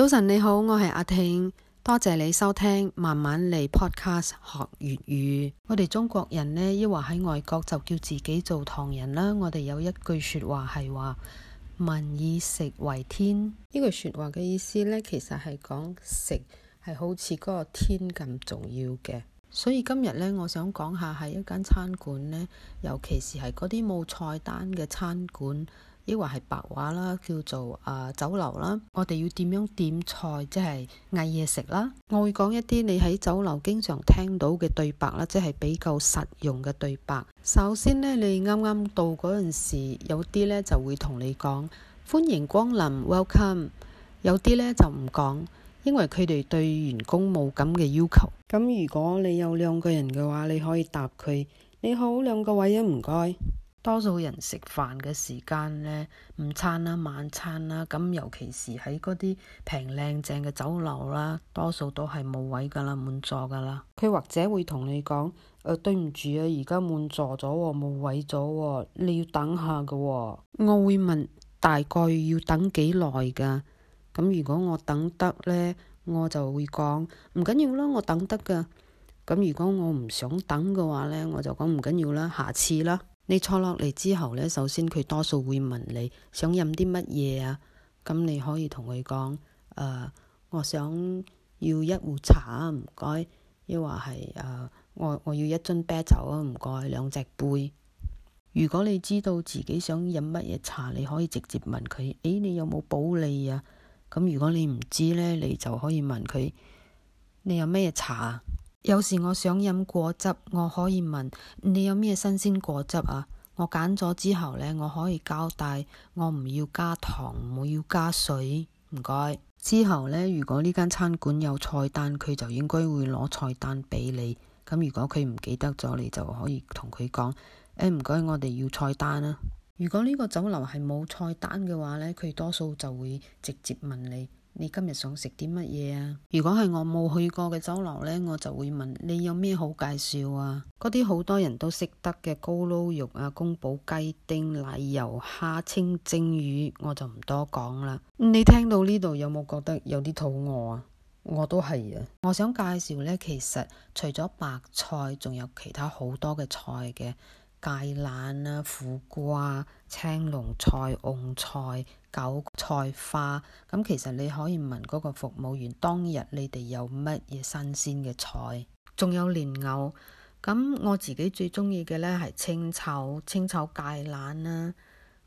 早晨你好，我係阿婷，多謝你收聽慢慢嚟 podcast 學粵語。我哋中國人呢，一話喺外國就叫自己做唐人啦。我哋有一句說話係話民以食為天，呢句說話嘅意思呢，其實係講食係好似嗰個天咁重要嘅。所以今日呢，我想講下喺一間餐館呢，尤其是係嗰啲冇菜單嘅餐館。抑或係白話啦，叫做啊、呃、酒樓啦，我哋要點樣點菜，即係嗌嘢食啦。我會講一啲你喺酒樓經常聽到嘅對白啦，即係比較實用嘅對白。首先呢，你啱啱到嗰陣時，有啲呢就會同你講歡迎光臨，welcome。有啲呢就唔講，因為佢哋對員工冇咁嘅要求。咁如果你有兩個人嘅話，你可以答佢你好，兩個位啊，唔該。多數人食飯嘅時間呢，午餐啦、晚餐啦，咁尤其是喺嗰啲平靚正嘅酒樓啦，多數都係冇位噶啦，滿座噶啦。佢或者會同你講，誒、呃、對唔住啊，而家滿座咗喎，冇位咗喎，你要等下噶喎、哦。我會問大概要等幾耐㗎？咁如果我等得呢，我就會講唔緊要啦，我等得㗎。咁如果我唔想等嘅話呢，我就講唔緊要啦，下次啦。你坐落嚟之後咧，首先佢多數會問你想飲啲乜嘢啊，咁你可以同佢講，誒、呃，我想要一壺茶啊，唔該，抑或係誒，我我要一樽啤酒啊，唔該，兩隻杯。如果你知道自己想飲乜嘢茶，你可以直接問佢，誒，你有冇普洱啊？咁如果你唔知咧，你就可以問佢，你有咩茶？有時我想飲果汁，我可以問你有咩新鮮果汁啊？我揀咗之後呢，我可以交代我唔要加糖，唔要加水，唔該。之後呢，如果呢間餐館有菜單，佢就應該會攞菜單畀你。咁如果佢唔記得咗，你就可以同佢講，誒、哎，唔該，我哋要菜單啊。如果呢個酒樓係冇菜單嘅話呢，佢多數就會直接問你。你今日想食啲乜嘢啊？如果係我冇去過嘅酒樓呢，我就會問你有咩好介紹啊？嗰啲好多人都識得嘅咕嚕肉啊、宮保雞丁、奶油蝦、清蒸魚，我就唔多講啦。你聽到呢度有冇覺得有啲肚餓啊？我都係啊！我想介紹呢，其實除咗白菜，仲有其他好多嘅菜嘅。芥蘭啊、苦瓜、青龍菜、蕹菜、韭菜、韭菜花，咁其實你可以問嗰個服務員當日你哋有乜嘢新鮮嘅菜，仲有蓮藕。咁我自己最中意嘅咧係清炒清炒芥蘭啦、啊。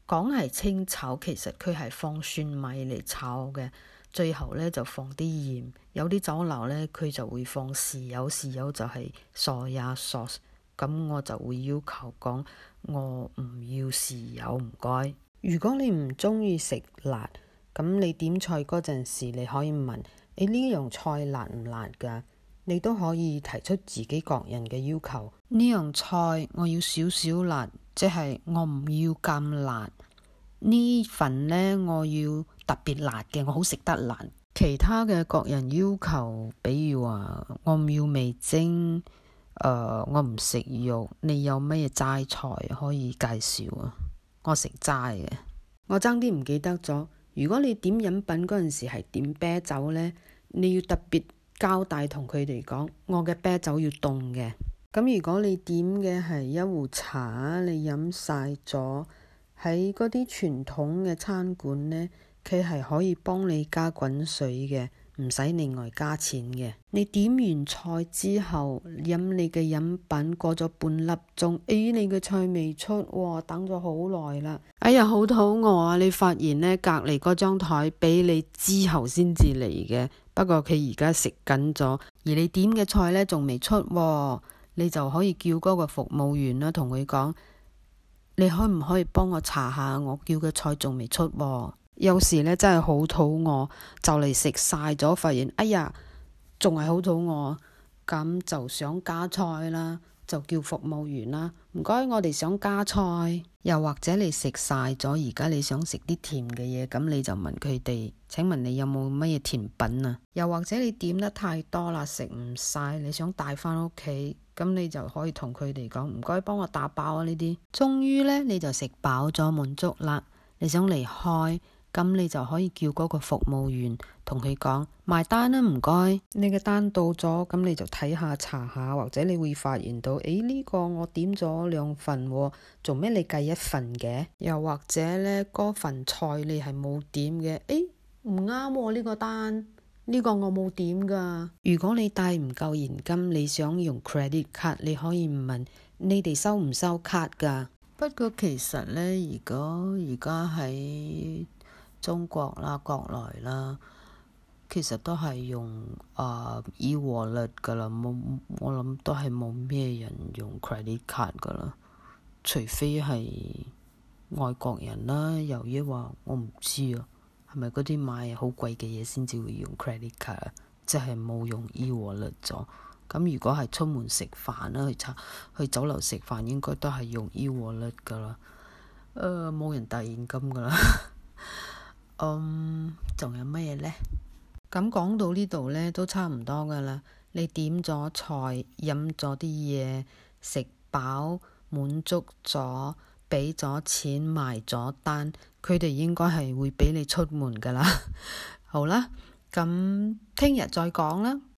講係清炒，其實佢係放蒜米嚟炒嘅，最後咧就放啲鹽。有啲酒樓咧佢就會放豉油，豉油就係 soya sauce。咁我就會要求講，我唔要豉油唔該。如果你唔中意食辣，咁你點菜嗰陣時你可以問你呢樣菜辣唔辣㗎，你都可以提出自己個人嘅要求。呢樣菜我要少少辣，即係我唔要咁辣。呢份呢，我要特別辣嘅，我好食得辣。其他嘅個人要求，比如話我唔要味精。誒，uh, 我唔食肉，你有咩齋菜可以介紹啊？我食齋嘅，我爭啲唔記得咗。如果你點飲品嗰陣時係點啤酒呢？你要特別交代同佢哋講，我嘅啤酒要凍嘅。咁如果你點嘅係一壺茶，你飲晒咗，喺嗰啲傳統嘅餐館呢，佢係可以幫你加滾水嘅。唔使另外加錢嘅。你點完菜之後，飲你嘅飲品過咗半粒鐘，咦，你嘅菜未出，哇、喎，等咗好耐啦。哎呀，好肚餓啊！你發現呢，隔籬嗰張台俾你之後先至嚟嘅，不過佢而家食緊咗，而你點嘅菜呢，仲未出，喎，你就可以叫嗰個服務員啦，同佢講，你可唔可以幫我查下我叫嘅菜仲未出？喎。有時咧真係好肚餓，就嚟食晒咗，發現哎呀，仲係好肚餓，咁就想加菜啦，就叫服務員啦。唔該，我哋想加菜。又或者你食晒咗，而家你想食啲甜嘅嘢，咁你就問佢哋，請問你有冇乜嘢甜品啊？又或者你點得太多啦，食唔晒，你想帶翻屋企，咁你就可以同佢哋講，唔該幫我打包啊呢啲。終於咧，你就食飽咗滿足啦，你想離開。咁你就可以叫嗰個服務員同佢講埋單啦，唔該。你嘅單到咗，咁你就睇下查下，或者你會發現到，誒呢個我點咗兩份喎，做咩你計一份嘅？又或者呢，嗰份菜你係冇點嘅，誒唔啱我呢個單，呢個我冇點噶。如果你帶唔夠現金，你想用 credit card，你可以唔問你哋收唔收 card 噶？不過其實呢，如果而家喺～中國啦，國內啦，其實都係用啊、呃、eWallet 噶啦，冇我諗都係冇咩人用 credit card 噶啦。除非係外國人啦，又抑或我唔知啊，係咪嗰啲買好貴嘅嘢，先至會用 credit card？啊、即係冇用 eWallet 咗。咁如果係出門食飯、e、啦，去餐去酒樓食飯，應該都係用 eWallet 噶啦。誒，冇人帶現金噶啦。咁仲、um, 有乜嘢呢？咁講到呢度呢，都差唔多噶啦。你點咗菜，飲咗啲嘢，食飽，滿足咗，俾咗錢，埋咗單，佢哋應該係會俾你出門噶啦。 好啦，咁聽日再講啦。